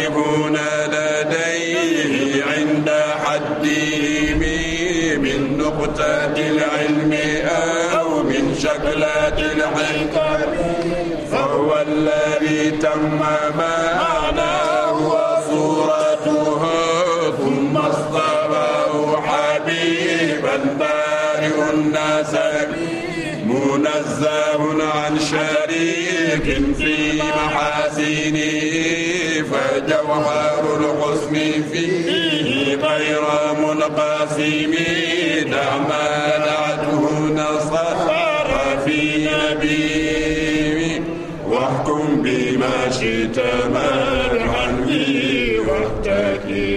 يرتقبون لديه عند حدهم من نقطة العلم أو من شكلة الحكم فهو الذي تم معناه وصورته ثم اصطفاه حبيبا بارئ الناس منزه عن شريك في محاسنه جوهر الغصن فيه غير منقسم دعما نعته نصر في نبي واحكم بما شئت مرحا به واحتكي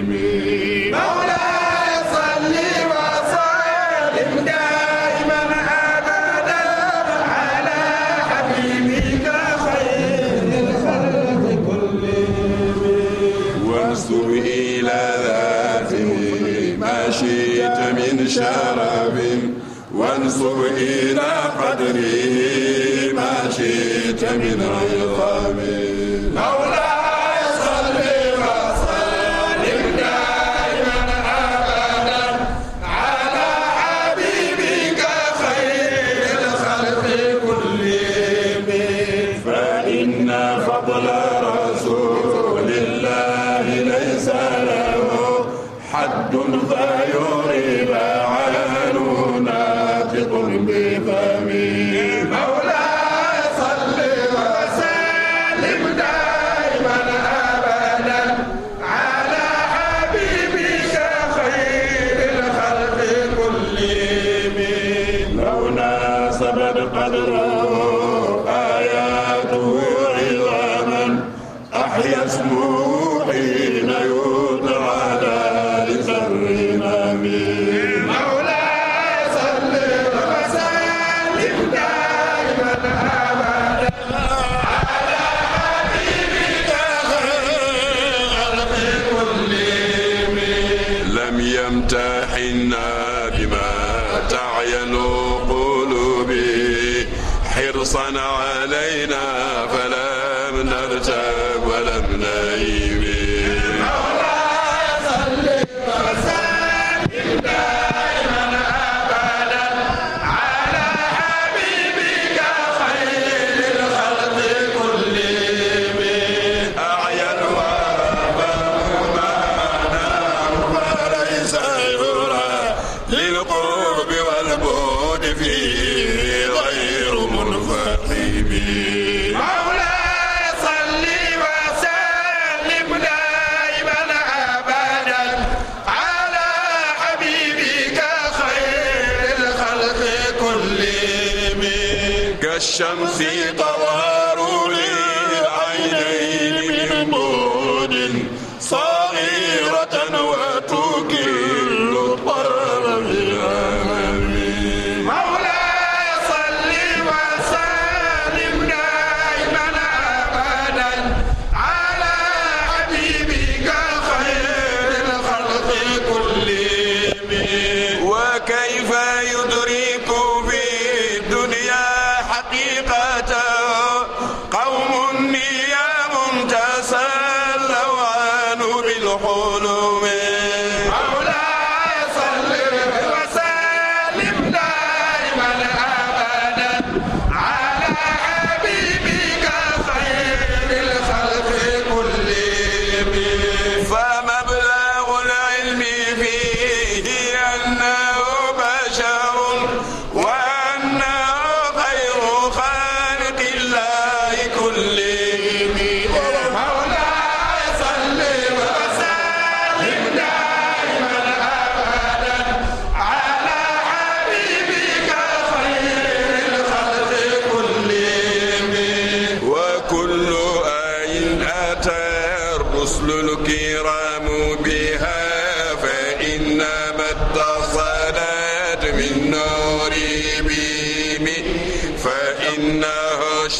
شرف وانصب إلى قدره ما شئت من عظام يمتحنا بما تعين قلوبي حرصا علينا ف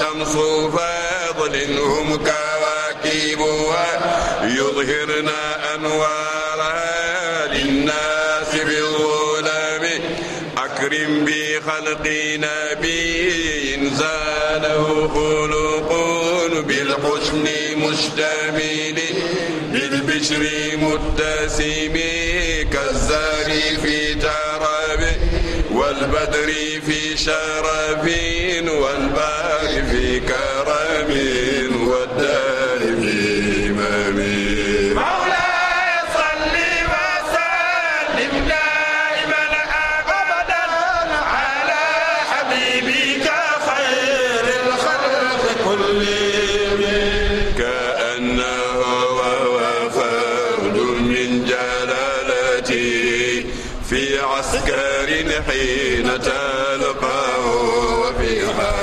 والشمس فاضل هم كواكبها يظهرن أنوارها للناس في الظلام أكرم بخلق نبي إنسانه خلق بالحسن مشتمل بالبشر متسم كالزار في تعالى البدر في شرف وانبار في كرم والدار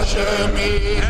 شميل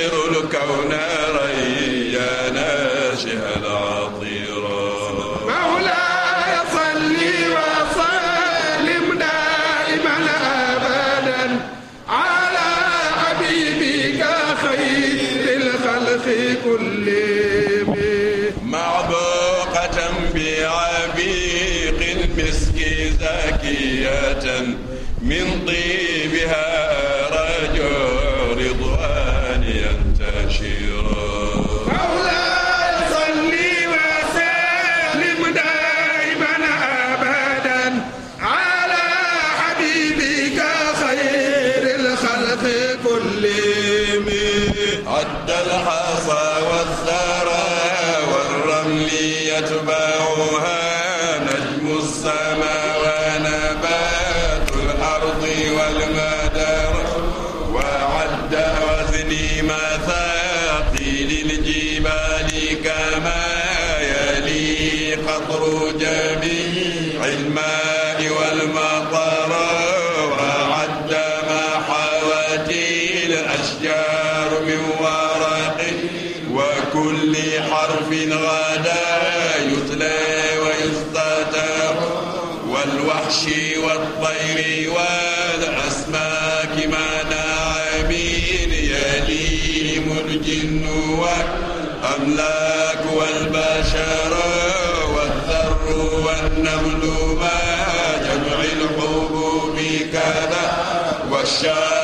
يغفر الكون والمطر وعد ما حوته الأشجار من ورقه وكل حرف غدا يتلى ويستتر والوحش والطير والأسماك ما ناعمين يليهم الجن والأملاك شاء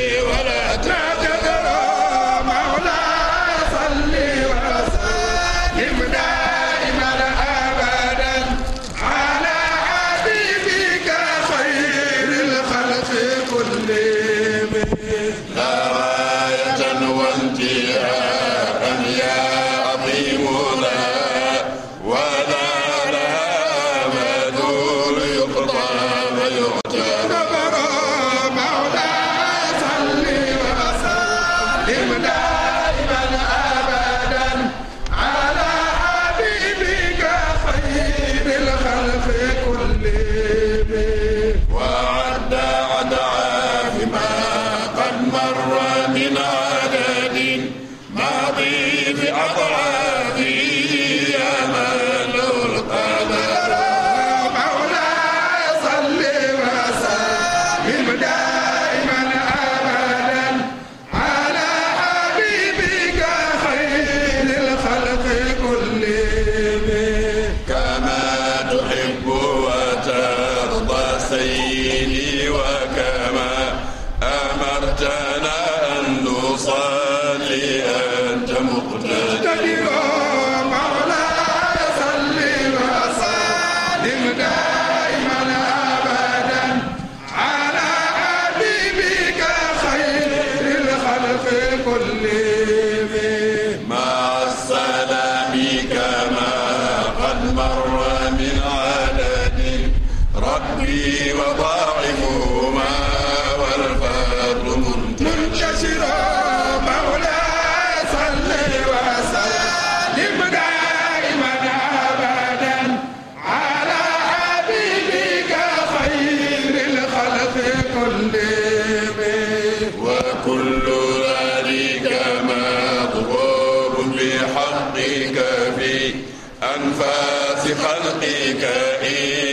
خلقك في أنفاس خلقك إيه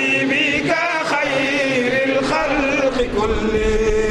حبيبك خير الخلق كلهم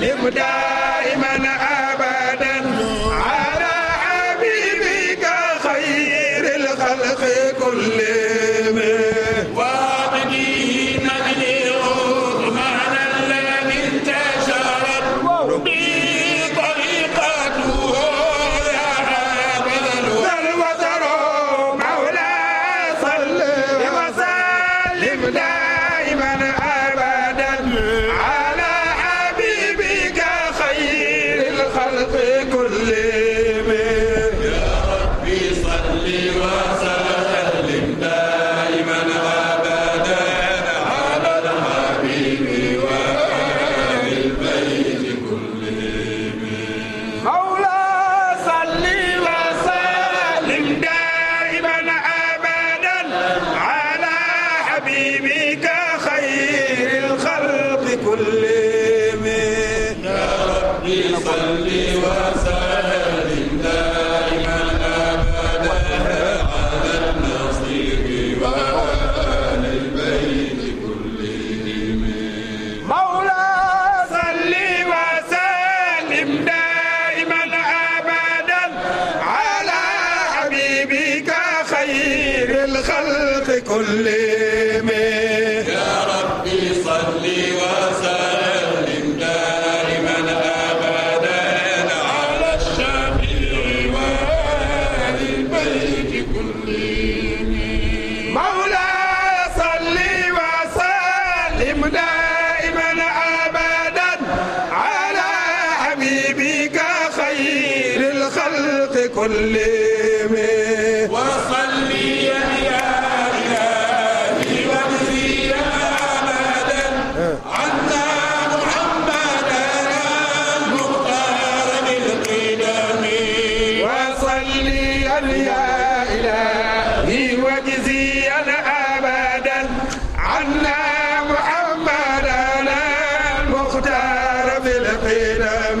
li mu daa imana القدم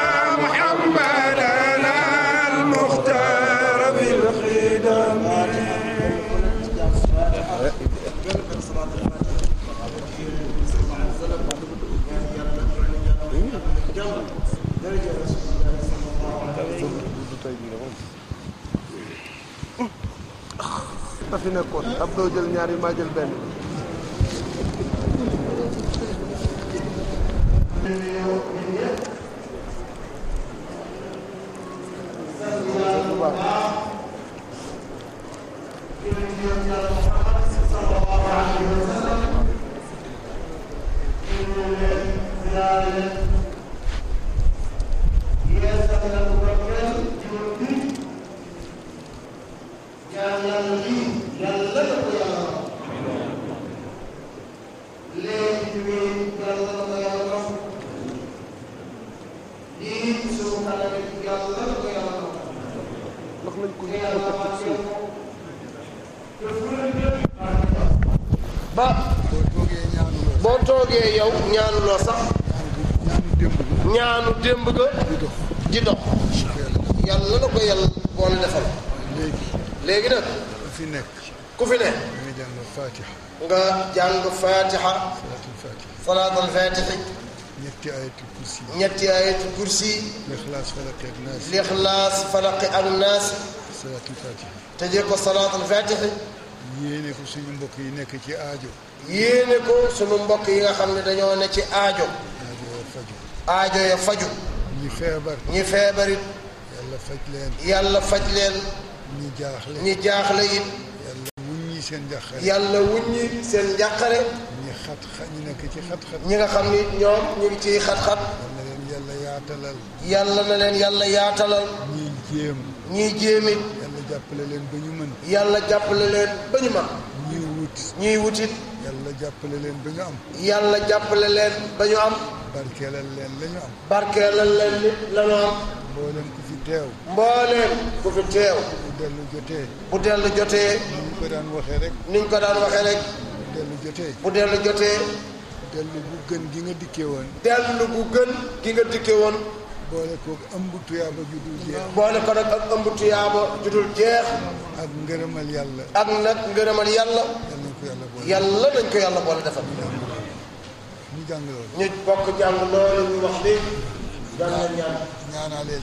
tey fi nekkoon ab doo jël ñaar yi maa jël benn. fatiha salaatul fatihi ñetti ayatul kursi ñetti ayatul kursi lixlaas falaqi ak naas lixlaas falaqi ak naas salaatul fatiha tëjee ko salaatul fatihi yéene ko suñu mbokk yi nekk ci aajo yéene ko suñu mbokk yi nga xam ne dañoo ne ci aajo aajo ya faju aajo ya faju ñi feebar ñi feebarit yàlla faj leen yàlla faj leen ñi jaaxle ñi jaaxle it wuññi seen njàqare. yàlla wuññi seen njàqare. ñi xat xat ñi nekk ci xat-xat. ñi nga xam ni ñoom ñu ngi ciy xat-xat. na leen yàlla yaatalal. yàlla na leen yàlla yaatalal. ñiy jéem. ñiy jéemit. yàlla jàppale leen ba ñu mën. yàlla jàppale leen ba ñu mën. ñiy wut. ñiy wutit. yàlla jàppale leen ba ñu am. yàlla jàppale leen ba ñu am. barkeelal leen la am. barkeelal leen la teew. mbooleem ku fi teew. bu dellu jotee. bu dellu jotee. ni ñu ko daan waxee rek. nu ñu ko daan waxee rek. bu dellu jotee. bu dellu jotee. dellu bu gën gi nga dikkee woon. dellu bu gën gi nga dikkee woon. boole ko ëmb tuyaaba ju dul jeex. boole ko nag ak ëmb tuyaaba ju dul jeex. ak ngërëmal yàlla. ak nag ngërëmal yàlla. yàlla nañ ko yàlla boole defal. ñu jàng loolu. bokk jàng loolu ñu wax léegi. jàng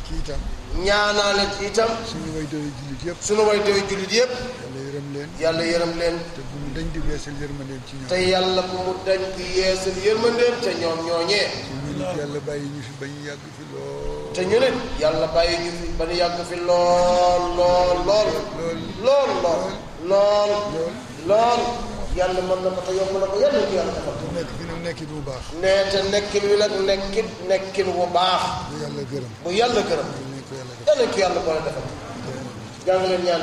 ci itam. ñaanaale itam. suñu way doy jullit yëpp. suñu way doy jullit yëpp. yàlla yërëm leen. yàlla yërëm leen. te bu mu dañ di yeesal yërmandeem ci ñoom. te yàlla bu mu dañ di te ñoom ñooñee. te ñu yàlla bàyyi ñu fi ba ñu yàgg fi lool. yàlla bàyyi ñu fi ba fi lool lool lool. lool lool lool lool. yàlla mën na ko te yomb na ko yàlla ñu yàlla nekk fi nag nekkin wu baax. nee te nekkin wi nag nekkin nekkin wu baax. bu yàlla gërëm bu yàlla gërëm. yàlla na ko yàlla boole defal jàng leen ñaan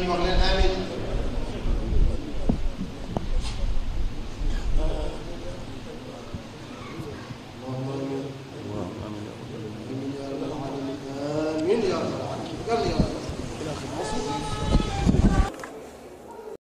ñun wax leen amiin